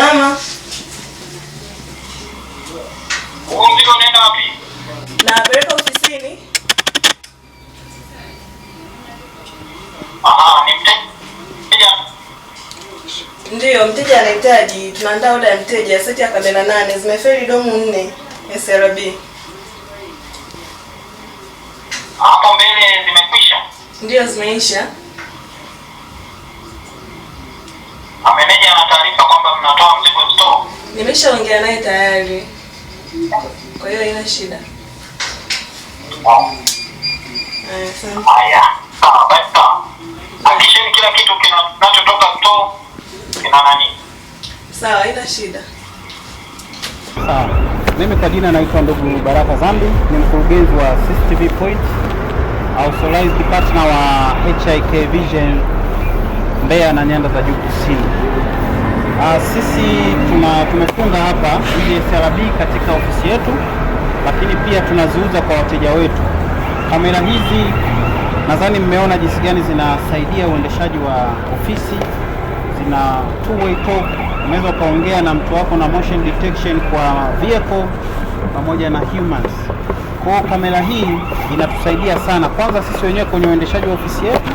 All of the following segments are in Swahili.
salama. Huo mzigo unaenda wapi? Napeleka ofisini. Ndiyo, mteja anahitaji, tunaandaa oda ya mteja, seti ya kabela nane zimefeli domu nne SRB. Hapo mbele zimekwisha? Ndiyo, zimeisha. Ameneja na taarifa kwamba mnatoa mzigo store. Nimeshaongea naye tayari, kwa hiyo haina shida. hakikisheni kila kitu kinachotoka store kina nani. Sawa, haina shida. Sawa. Ah, mimi kwa jina naitwa ndugu Baraka Zambi, ni mkurugenzi wa CCTV Point, authorized partner wa HIK Vision Mbeya na nyanda za juu kusini. Uh, sisi tumefunga hapa srb katika ofisi yetu, lakini pia tunaziuza kwa wateja wetu. Kamera hizi nadhani mmeona jinsi gani zinasaidia uendeshaji wa ofisi, zina two-way talk. Unaweza ukaongea na mtu wako na motion detection kwa vehicle pamoja na humans. Kwa kamera hii inatusaidia sana, kwanza sisi wenyewe kwenye uendeshaji wa ofisi yetu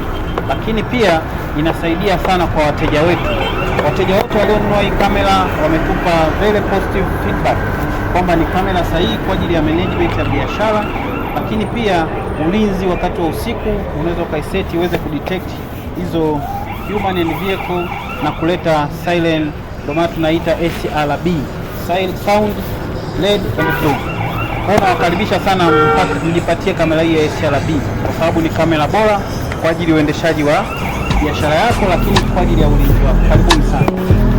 lakini pia inasaidia sana kwa wateja wetu. Wateja wote walionunua hii kamera wametupa very positive feedback kwamba ni kamera sahihi kwa ajili ya management ya biashara, lakini pia ulinzi wakati wa usiku, unaweza ukaiseti iweze kudetect hizo human and vehicle na kuleta silent, ndio maana tunaita SRB silent sound lead and flow. Kwa hiyo nawakaribisha sana mjipatie kamera hii ya SRB kwa sababu ni kamera bora kwa ajili ya uendeshaji wa biashara yako, lakini kwa ajili ya ulinzi wako. Karibuni sana.